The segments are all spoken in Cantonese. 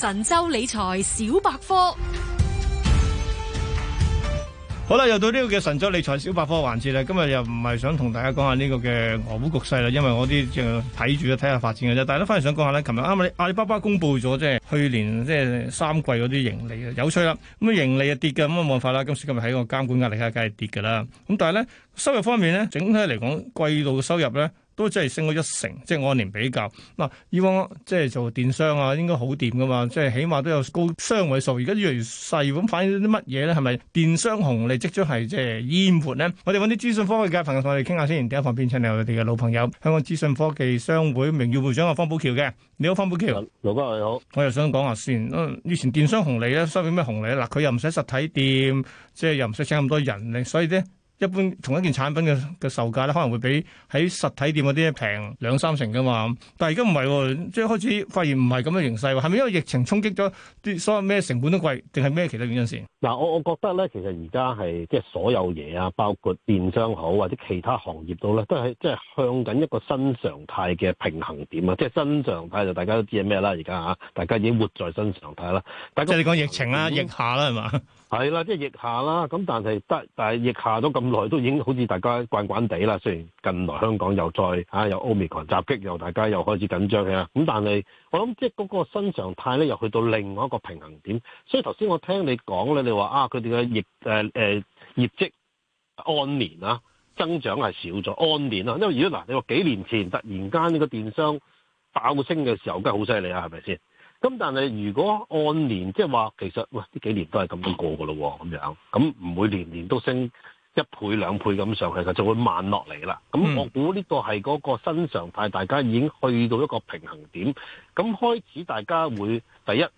神州理財小百科，好啦，又到呢個嘅神州理財小百科環節啦。今日又唔係想同大家講下呢個嘅俄烏局勢啦，因為我啲就睇住啊睇下發展嘅啫。大家返嚟想講下咧，琴日啱啱阿里巴巴公布咗，即係去年即係三季嗰啲盈利啊，有趣啦。咁啊，盈利啊跌嘅，咁啊冇辦法啦。今次今日喺個監管壓力下，梗係跌噶啦。咁但係咧收入方面咧，整體嚟講，季度嘅收入咧。都即係升咗一成，即係按年比較。嗱，以往即係做電商啊，應該好掂噶嘛，即係起碼都有高雙位數。而家越嚟越細咁，反映啲乜嘢咧？係咪電商紅利即咗係即係淹沒咧？我哋揾啲資訊科技嘅朋友同我哋傾下先。第一份邊請嚟，我哋嘅老朋友，香港資訊科技商會名譽會長阿方保僑嘅，你好，方保僑。劉哥你好，我又想講下先。以前電商紅利咧，相比咩紅利嗱，佢又唔使實體店，即係又唔使請咁多人力，所以咧。一般同一件產品嘅嘅售價咧，可能會比喺實體店嗰啲平兩三成㗎嘛。但係而家唔係，即係開始發現唔係咁嘅形勢喎。係咪因為疫情衝擊咗啲所有咩成本都貴，定係咩其他原因先？嗱、啊，我我覺得咧，其實而家係即係所有嘢啊，包括電商好或者其他行業都咧，都係即係向緊一個新常態嘅平衡點啊。即、就、係、是、新常態就大家都知係咩啦。而家吓，大家已經活在新常態啦。即係、那個就是、你講疫情啦、啊，疫、嗯、下啦係嘛？係啦，即係疫下啦。咁但係得，但係疫下都咁，來都已經好似大家慣慣地啦，雖然近來香港又再啊有 Omicron 襲擊，又大家又開始緊張嘅。咁但係我諗即係嗰個新常態咧，又去到另外一個平衡點。所以頭先我聽你講咧，你話啊，佢哋嘅業誒誒、呃呃、業績按年啊增長係少咗，按年啊。因為如果嗱，你話幾年前突然間呢個電商爆升嘅時候，梗係好犀利啊，係咪先？咁但係如果按年，即係話其實喂，呢、哎、幾年都係咁樣過噶咯，咁樣咁唔會年年都升。一倍兩倍咁上去嘅，就會慢落嚟啦。咁、嗯、我估呢個係嗰個新常態，大家已經去到一個平衡點。咁開始大家會第一，誒、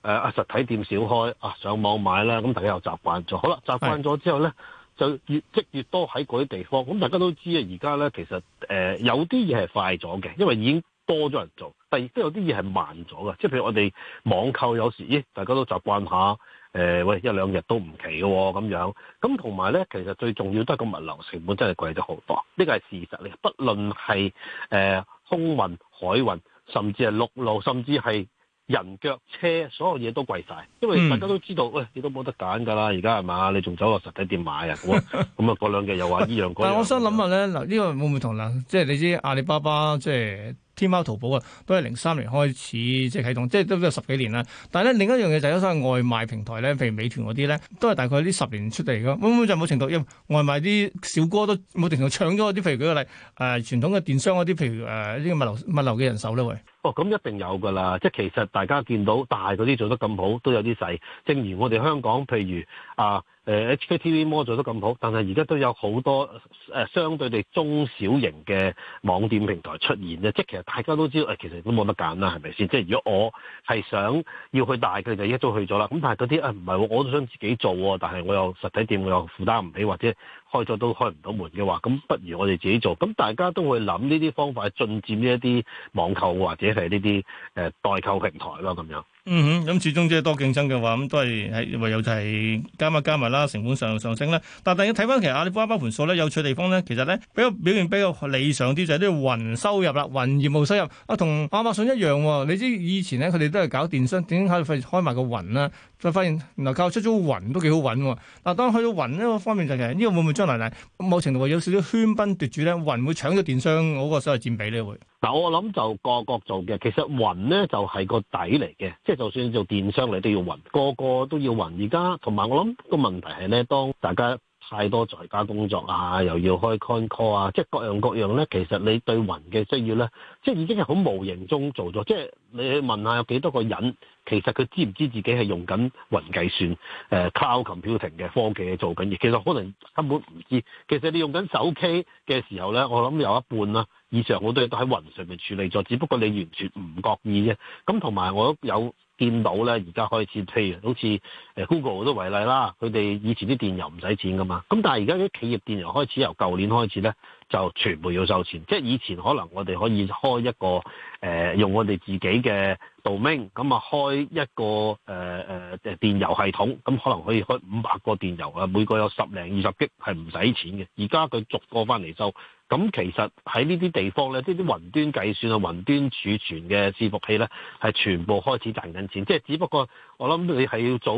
呃、啊實體店少開啊，上網買啦。咁大家又習慣咗，好啦，習慣咗之後呢，就越積越多喺嗰啲地方。咁大家都知啊，而家呢其實誒、呃、有啲嘢係快咗嘅，因為已經。多咗人做，但亦都有啲嘢係慢咗嘅，即係譬如我哋網購有時，咦，大家都習慣下，誒，喂，一兩日都唔奇嘅喎，咁樣，咁同埋咧，其實最重要都係個物流成本真係貴咗好多，呢個係事實嚟，不論係誒空運、海運，甚至係陸路，甚至係人腳車，所有嘢都貴晒。因為大家都知道，喂、嗯哎，你都冇得揀㗎啦，而家係嘛，你仲走落實體店買啊，咁啊，過兩日又話一樣嗰 但我想諗下咧，嗱，呢個會唔會同啦即係你知阿里巴巴即係。天貓、淘寶啊，都係零三年開始即係啟動，即係都都有十幾年啦。但係咧，另一樣嘢就係嗰啲外賣平台咧，譬如美團嗰啲咧，都係大概呢十年出嚟㗎。咁就冇程度，因為外賣啲小哥都冇程度搶咗啲，譬如舉個例，誒、呃、傳統嘅電商嗰啲，譬如呢個、呃、物流物流嘅人手咧，喂，哦，咁一定有㗎啦。即係其實大家見到大嗰啲做得咁好，都有啲細。正如我哋香港，譬如啊。呃、HKTV Mall 做得咁好，但係而家都有好多、呃、相對地中小型嘅網店平台出現啦。即係其實大家都知道，哎、其實都冇得揀啦，係咪先？即係如果我係想要去大，佢哋就一早去咗啦。咁但係嗰啲唔係，我都想自己做喎。但係我有實體店，我又負擔唔起，或者開咗都開唔到門嘅話，咁不如我哋自己做。咁大家都會諗呢啲方法去進佔呢一啲網購或者係呢啲代購平台咯，咁樣。嗯哼，咁始終即係多競爭嘅話，咁都係係唯有就係加埋加埋啦，成本上上升啦。但係要睇翻其實阿里巴巴盤數咧，有趣地方咧，其實咧比較表現比較理想啲就係呢個雲收入啦，雲業務收入啊，同亞馬遜一樣。你知以前咧，佢哋都係搞電商，點解開費開埋個雲啦，就發現嗱，靠出租雲都幾好搵。嗱，當去到雲呢個方面，就其實呢個會唔會將來咧，某程度話有少少喧賓奪主咧？雲會搶咗電商嗰個所謂佔比呢？會嗱，我諗就個個做嘅，其實雲咧就係個底嚟嘅，就算做電商，你都要雲，個個都要雲。而家同埋我諗個問題係咧，當大家太多在家工作啊，又要開 Concall 啊，即係各樣各樣咧，其實你對雲嘅需要咧，即係已經係好無形中做咗。即係你去問下有幾多個人，其實佢知唔知自己係用緊雲計算、啊、Cloud Computing 嘅科技去做緊嘢？其實可能根本唔知。其實你用緊手機嘅時候咧，我諗有一半啦以上好多嘢都喺雲上面處理咗，只不過你完全唔覺意啫。咁同埋我有。見到咧，而家開始，譬如好似誒 Google 都為例啦，佢哋以前啲電郵唔使錢噶嘛，咁但係而家啲企業電郵開始由舊年開始咧，就全部要收錢，即係以前可能我哋可以開一個誒用我哋自己嘅 domain 咁啊開一個誒。呃電郵系統咁可能可以開五百個電郵啊，每個有十零二十 G 係唔使錢嘅。而家佢逐個翻嚟收，咁其實喺呢啲地方呢，即係啲雲端計算啊、雲端儲存嘅伺服器呢，係全部開始賺緊錢。即係只不過我諗你係要早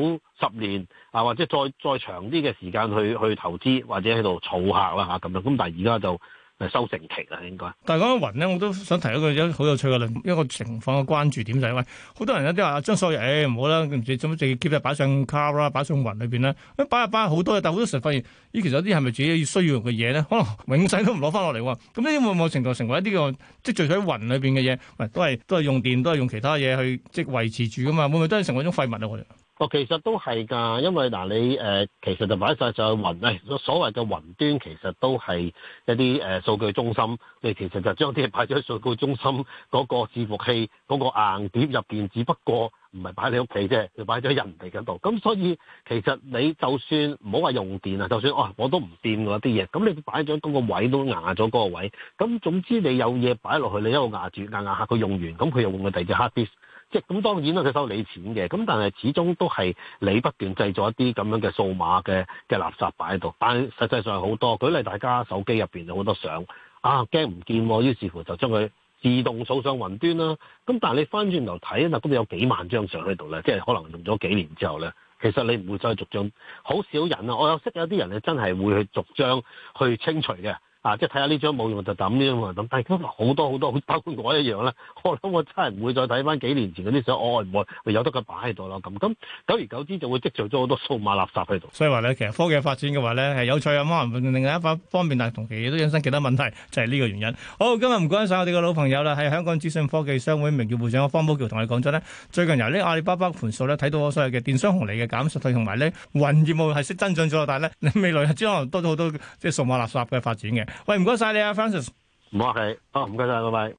十年啊，或者再再長啲嘅時間去去投資或者喺度儲客啦嚇咁樣。咁但係而家就。誒，收成期啦，應該。但係講緊雲咧，我都想提一個好有趣嘅論，一個情況嘅關注點就係：喂，好多人有啲話將所有嘢，唔、欸、好啦，唔知做乜正 keep 住擺上卡啦，擺上雲裏邊啦，一擺下擺下好多嘢。但係好多時候發現，咦，其實有啲係咪自己需要用嘅嘢咧？可能永世都唔攞翻落嚟喎。咁呢啲會唔會程度成為一啲嘅積聚喺雲裏邊嘅嘢？喂，都係都係用電，都係用其他嘢去即係維持住㗎嘛？會唔會都係成為一種廢物啊？我哋？哦，其實都係㗎，因為嗱、呃、你誒、呃，其實就擺晒上雲誒，所所謂嘅雲端其實都係一啲誒、呃、數據中心，你其實就將啲嘢擺咗喺數據中心嗰個伺服器嗰、嗰個硬碟入邊，只不過唔係擺你屋企啫，就擺咗人哋嗰度。咁所以其實你就算唔好話用電啊，就算哦我都唔掂嗰啲嘢，咁你擺咗嗰個位都硬咗嗰個位。咁總之你有嘢擺落去，你一路壓住硬硬下，佢用完，咁佢用個第二隻 hard disk 即咁當然啦，佢收你錢嘅，咁但係始終都係你不斷製造一啲咁樣嘅數碼嘅嘅垃圾擺喺度，但係實際上係好多。舉例，大家手機入面有好多相，啊驚唔見，於是乎就將佢自動掃上雲端啦。咁但係你翻轉頭睇，嗱咁有幾萬張相喺度咧，即係可能用咗幾年之後咧，其實你唔會再逐張，好少人啊。我有識有啲人係真係會去逐張去清除嘅。啊、即係睇下呢張冇用就抌啫嘛，咁大家話好多好多好包括我一樣啦。我諗我真係唔會再睇翻幾年前嗰啲相。我唔會，有得佢擺喺度咯。咁咁久而久之就會積聚咗好多數碼垃圾喺度。所以話咧，其實科技發展嘅話咧係有在咁方便，另外一方面，但係同時亦都引申其他問題，就係、是、呢個原因。好，今日唔該晒我哋嘅老朋友啦，喺香港資訊科技商會名譽會長方保僑同你講咗咧，最近由呢阿里巴巴盤數咧睇到所謂嘅電商紅利嘅減退同埋咧雲業務係識增長咗，但係咧未來係將來多咗好多即係數碼垃圾嘅發展嘅。喂，唔該晒你啊，Francis，唔好客氣，好唔該晒，拜拜。